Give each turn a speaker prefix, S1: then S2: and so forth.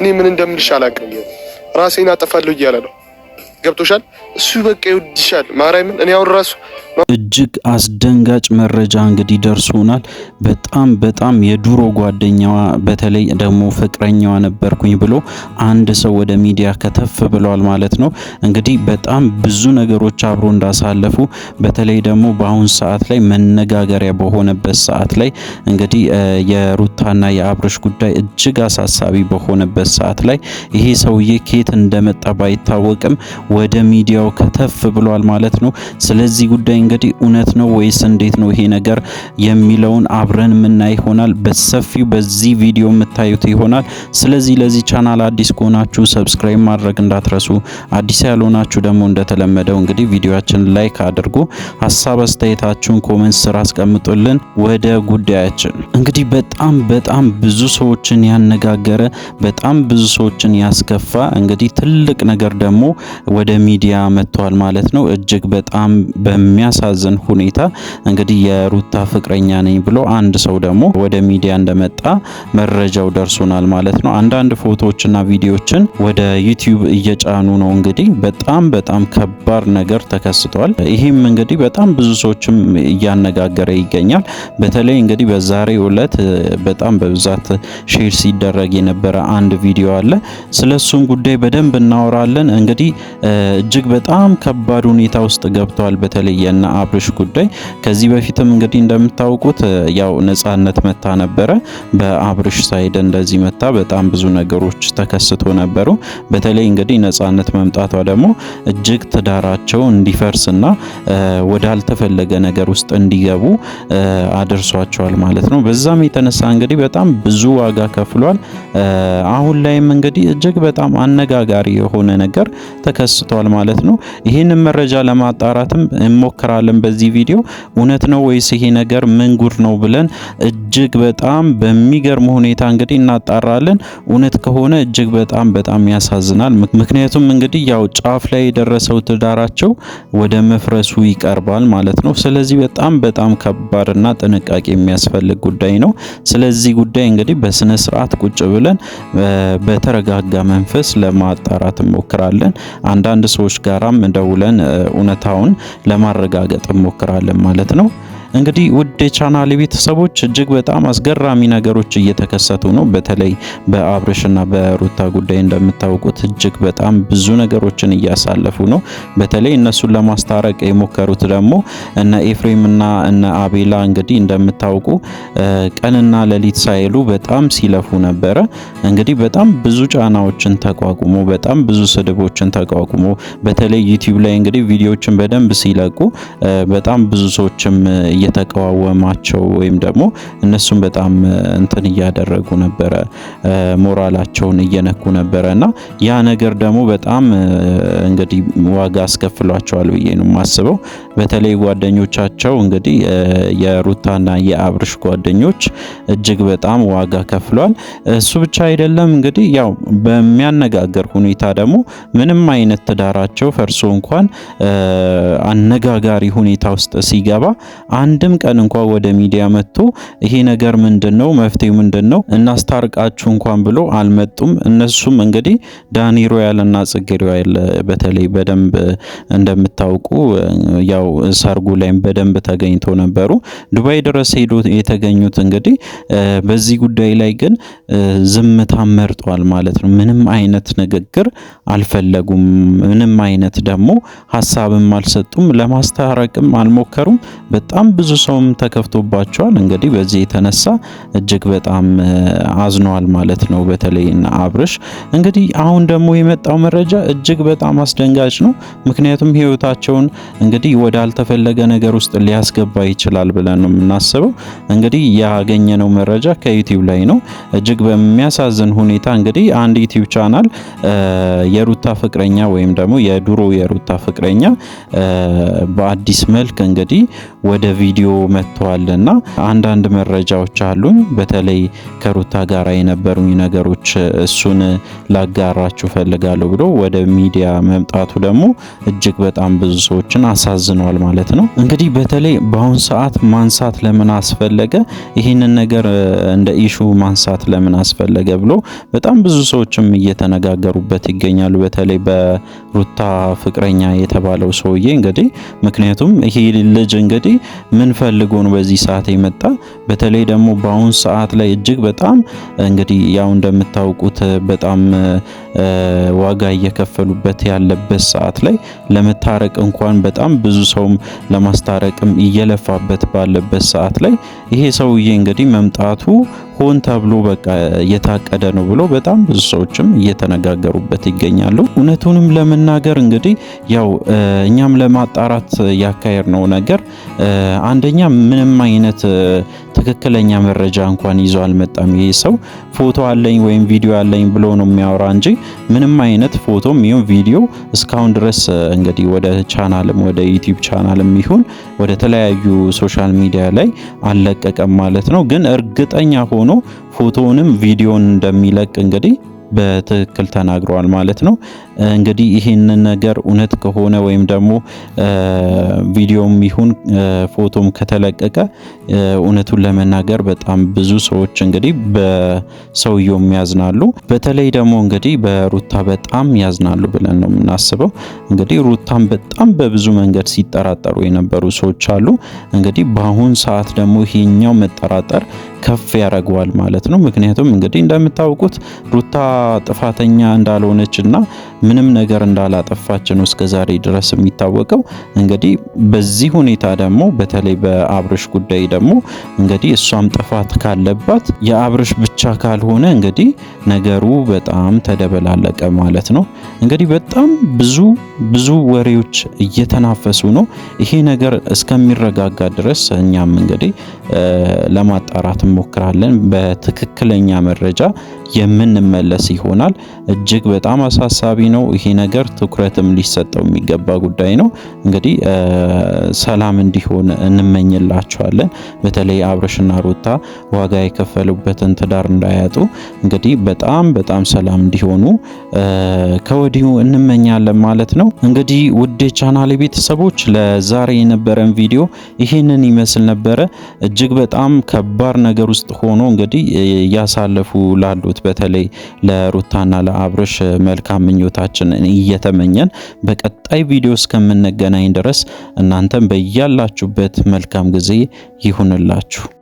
S1: እኔ ምን እንደምልሽ አላውቅም። ራሴን አጠፋለሁ እያለ ነው ገብቶሻል። እሱ በቃ ይወድሻል። ማርያምን እኔ አሁን ራሱ
S2: እጅግ አስደንጋጭ መረጃ እንግዲህ ደርሶናል። በጣም በጣም የድሮ ጓደኛዋ በተለይ ደግሞ ፍቅረኛዋ ነበርኩኝ ብሎ አንድ ሰው ወደ ሚዲያ ከተፍ ብሏል ማለት ነው። እንግዲህ በጣም ብዙ ነገሮች አብሮ እንዳሳለፉ በተለይ ደግሞ በአሁን ሰዓት ላይ መነጋገሪያ በሆነበት ሰዓት ላይ እንግዲህ የሩታና የአብርሽ ጉዳይ እጅግ አሳሳቢ በሆነበት ሰዓት ላይ ይሄ ሰውዬ ኬት እንደመጣ ባይታወቅም ወደ ሚዲያው ከተፍ ብሏል ማለት ነው። ስለዚህ ጉዳይ እንግዲህ እውነት ነው ወይስ እንዴት ነው ይሄ ነገር የሚለውን አብረን የምናይ ይሆናል። በሰፊው በዚህ ቪዲዮ የምታዩት ይሆናል። ስለዚህ ለዚህ ቻናል አዲስ ከሆናችሁ ሰብስክራይብ ማድረግ እንዳትረሱ፣ አዲስ ያልሆናችሁ ደግሞ እንደተለመደው እንግዲህ ቪዲዮአችን ላይክ አድርጉ፣ ሀሳብ አስተያየታችሁን ኮሜንት ስር አስቀምጡልን። ወደ ጉዳያችን እንግዲህ በጣም በጣም ብዙ ሰዎችን ያነጋገረ በጣም ብዙ ሰዎችን ያስከፋ እንግዲህ ትልቅ ነገር ደግሞ ወደ ሚዲያ መጥቷል ማለት ነው። እጅግ በጣም በሚያሳዝን ሁኔታ እንግዲህ የሩታ ፍቅረኛ ነኝ ብሎ አንድ ሰው ደግሞ ወደ ሚዲያ እንደመጣ መረጃው ደርሶናል ማለት ነው። አንዳንድ ፎቶዎችና ቪዲዮዎችን ወደ ዩቲዩብ እየጫኑ ነው። እንግዲህ በጣም በጣም ከባድ ነገር ተከስቷል። ይህም እንግዲህ በጣም ብዙ ሰዎችም እያነጋገረ ይገኛል። በተለይ እንግዲህ በዛሬው ዕለት በጣም በብዛት ሼር ሲደረግ የነበረ አንድ ቪዲዮ አለ። ስለሱም ጉዳይ በደንብ እናወራለን። እንግዲህ እጅግ በጣም ከባድ ሁኔታ ውስጥ ገብተዋል። በተለይ የእነ አብርሽ ጉዳይ ከዚህ በፊትም እንግዲህ እንደምታውቁት ያው ነጻነት መታ ነበረ። በአብርሽ ሳይድ እንደዚህ መታ በጣም ብዙ ነገሮች ተከስቶ ነበሩ። በተለይ እንግዲህ ነጻነት መምጣቷ ደግሞ እጅግ ትዳራቸው እንዲፈርስና ወዳልተፈለገ ነገር ውስጥ እንዲገቡ አድርሷቸዋል ማለት ነው። በዛም የተነሳ እንግዲህ በጣም ብዙ ዋጋ ከፍሏል። አሁን ላይም እንግዲህ እጅግ በጣም አነጋጋሪ የሆነ ነገር ተከስ ተከስቷል ማለት ነው። ይህንን መረጃ ለማጣራትም እንሞክራለን በዚህ ቪዲዮ። እውነት ነው ወይስ ይሄ ነገር ምን ጉድ ነው ብለን እጅግ በጣም በሚገርም ሁኔታ እንግዲህ እናጣራለን። እውነት ከሆነ እጅግ በጣም በጣም ያሳዝናል። ምክንያቱም እንግዲህ ያው ጫፍ ላይ የደረሰው ትዳራቸው ወደ መፍረሱ ይቀርባል ማለት ነው። ስለዚህ በጣም በጣም ከባድና ጥንቃቄ የሚያስፈልግ ጉዳይ ነው። ስለዚህ ጉዳይ እንግዲህ በስነ ስርዓት ቁጭ ብለን በተረጋጋ መንፈስ ለማጣራት እንሞክራለን። አንዳንድ ሰዎች ጋራም ደውለን እውነታውን ለማረጋገጥ እንሞክራለን ማለት ነው። እንግዲህ ውድ የቻናል ቤተሰቦች እጅግ በጣም አስገራሚ ነገሮች እየተከሰቱ ነው። በተለይ በአብርሽና በሩታ ጉዳይ እንደምታውቁት እጅግ በጣም ብዙ ነገሮችን እያሳለፉ ነው። በተለይ እነሱን ለማስታረቅ የሞከሩት ደግሞ እነ ኤፍሬምና እነ አቤላ እንግዲህ እንደምታውቁ ቀንና ሌሊት ሳይሉ በጣም ሲለፉ ነበረ። እንግዲህ በጣም ብዙ ጫናዎችን ተቋቁሞ በጣም ብዙ ስድቦችን ተቋቁሞ በተለይ ዩቲዩብ ላይ እንግዲህ ቪዲዮዎችን በደንብ ሲለቁ በጣም ብዙ ሰዎችም እየተቃወማቸው ወይም ደግሞ እነሱም በጣም እንትን እያደረጉ ነበረ፣ ሞራላቸውን እየነኩ ነበረ እና ያ ነገር ደግሞ በጣም እንግዲህ ዋጋ አስከፍሏቸዋል ብዬ ነው የማስበው። በተለይ ጓደኞቻቸው እንግዲህ የሩታና የአብርሽ ጓደኞች እጅግ በጣም ዋጋ ከፍሏል። እሱ ብቻ አይደለም እንግዲህ ያው በሚያነጋገር ሁኔታ ደግሞ ምንም አይነት ትዳራቸው ፈርሶ እንኳን አነጋጋሪ ሁኔታ ውስጥ ሲገባ አን አንድም ቀን እንኳ ወደ ሚዲያ መጥቶ ይሄ ነገር ምንድን ነው መፍትሄው ምንድን ነው እናስታርቃችሁ እንኳን ብሎ አልመጡም። እነሱም እንግዲህ ዳኒ ሮያል እና ጽጌ ሮያል በተለይ በደንብ እንደምታውቁ ያው ሰርጉ ላይም በደንብ ተገኝቶ ነበሩ። ዱባይ ድረስ ሄዶ የተገኙት እንግዲህ በዚህ ጉዳይ ላይ ግን ዝምታ መርጧል ማለት ነው። ምንም አይነት ንግግር አልፈለጉም። ምንም አይነት ደግሞ ሀሳብም አልሰጡም። ለማስታረቅም አልሞከሩም። በጣም ብዙ ሰውም ተከፍቶባቸዋል። እንግዲህ በዚህ የተነሳ እጅግ በጣም አዝኗል ማለት ነው። በተለይ አብርሽ እንግዲህ አሁን ደግሞ የመጣው መረጃ እጅግ በጣም አስደንጋጭ ነው። ምክንያቱም ህይወታቸውን እንግዲህ ወዳልተፈለገ ነገር ውስጥ ሊያስገባ ይችላል ብለን ነው የምናስበው። እንግዲህ ያገኘነው መረጃ ከዩቲዩብ ላይ ነው። እጅግ በሚያሳዝን ሁኔታ እንግዲህ አንድ ዩቲዩብ ቻናል የሩታ ፍቅረኛ ወይም ደግሞ የድሮ የሩታ ፍቅረኛ በአዲስ መልክ እንግዲህ ወደ ቪዲዮ መጥተዋል እና አንዳንድ መረጃዎች አሉኝ። በተለይ ከሩታ ጋር የነበሩኝ ነገሮች እሱን ላጋራችሁ ፈልጋለሁ ብሎ ወደ ሚዲያ መምጣቱ ደግሞ እጅግ በጣም ብዙ ሰዎችን አሳዝኗል ማለት ነው። እንግዲህ በተለይ በአሁን ሰዓት ማንሳት ለምን አስፈለገ፣ ይህንን ነገር እንደ ኢሹ ማንሳት ለምን አስፈለገ ብሎ በጣም ብዙ ሰዎችም እየተነጋገሩበት ይገኛሉ። በተለይ በሩታ ፍቅረኛ የተባለው ሰውዬ እንግዲህ ምክንያቱም ይሄ ልጅ እንግዲህ ምን ፈልጎ ነው በዚህ ሰዓት የመጣ? በተለይ ደግሞ በአሁን ሰዓት ላይ እጅግ በጣም እንግዲህ ያው እንደምታውቁት በጣም ዋጋ እየከፈሉበት ያለበት ሰዓት ላይ ለመታረቅ እንኳን በጣም ብዙ ሰውም ለማስታረቅም እየለፋበት ባለበት ሰዓት ላይ ይሄ ሰውዬ እንግዲህ መምጣቱ ሆን ተብሎ በቃ የታቀደ ነው ብሎ በጣም ብዙ ሰዎችም እየተነጋገሩበት ይገኛሉ። እውነቱንም ለመናገር እንግዲህ ያው እኛም ለማጣራት ያካሄድ ነው ነገር አንደኛ ምንም አይነት ትክክለኛ መረጃ እንኳን ይዞ አልመጣም። ይሄ ሰው ፎቶ አለኝ ወይም ቪዲዮ አለኝ ብሎ ነው የሚያወራ እንጂ ምንም አይነት ፎቶም ይሁን ቪዲዮ እስካሁን ድረስ እንግዲህ ወደ ቻናልም ወደ ዩቲዩብ ቻናልም ይሁን ወደ ተለያዩ ሶሻል ሚዲያ ላይ አልለቀቀም ማለት ነው። ግን እርግጠኛ ሆኖ ሆኖ ፎቶውንም ቪዲዮን እንደሚለቅ እንግዲህ በትክክል ተናግረዋል ማለት ነው። እንግዲህ ይህንን ነገር እውነት ከሆነ ወይም ደግሞ ቪዲዮም ይሁን ፎቶም ከተለቀቀ እውነቱን ለመናገር በጣም ብዙ ሰዎች እንግዲህ በሰውየውም ያዝናሉ። በተለይ ደግሞ እንግዲህ በሩታ በጣም ያዝናሉ ብለን ነው የምናስበው። እንግዲህ ሩታም በጣም በብዙ መንገድ ሲጠራጠሩ የነበሩ ሰዎች አሉ። እንግዲህ በአሁን ሰዓት ደግሞ ይሄኛው መጠራጠር ከፍ ያደርገዋል ማለት ነው። ምክንያቱም እንግዲህ እንደምታውቁት ሩታ ጥፋተኛ እንዳልሆነች እና ምንም ነገር እንዳላጠፋች ነው እስከ ዛሬ ድረስ የሚታወቀው። እንግዲህ በዚህ ሁኔታ ደግሞ በተለይ በአብርሽ ጉዳይ ደግሞ እንግዲህ እሷም ጥፋት ካለባት የአብርሽ ብቻ ካልሆነ እንግዲህ ነገሩ በጣም ተደበላለቀ ማለት ነው። እንግዲህ በጣም ብዙ ብዙ ወሬዎች እየተናፈሱ ነው። ይሄ ነገር እስከሚረጋጋ ድረስ እኛም እንግዲህ ለማጣራት እንሞክራለን። በትክክለኛ መረጃ የምንመለስ ይሆናል። እጅግ በጣም አሳሳቢ ነው ይሄ ነገር፣ ትኩረትም ሊሰጠው የሚገባ ጉዳይ ነው። እንግዲህ ሰላም እንዲሆን እንመኝላቸዋለን። በተለይ አብርሽና ሩታ ዋጋ የከፈሉበትን ትዳር እንዳያጡ እንግዲህ በጣም በጣም ሰላም እንዲሆኑ ከወዲሁ እንመኛለን ማለት ነው። እንግዲህ ውድ የቻናሌ ቤተሰቦች ለዛሬ የነበረን ቪዲዮ ይህንን ይመስል ነበረ። እጅግ በጣም ከባድ ነገር ውስጥ ሆኖ እንግዲህ እያሳለፉ ላሉት በተለይ ለሩታና ለአብርሽ መልካም ምኞታችን እየተመኘን በቀጣይ ቪዲዮ እስከምንገናኝ ድረስ እናንተም በያላችሁበት መልካም ጊዜ ይሁንላችሁ።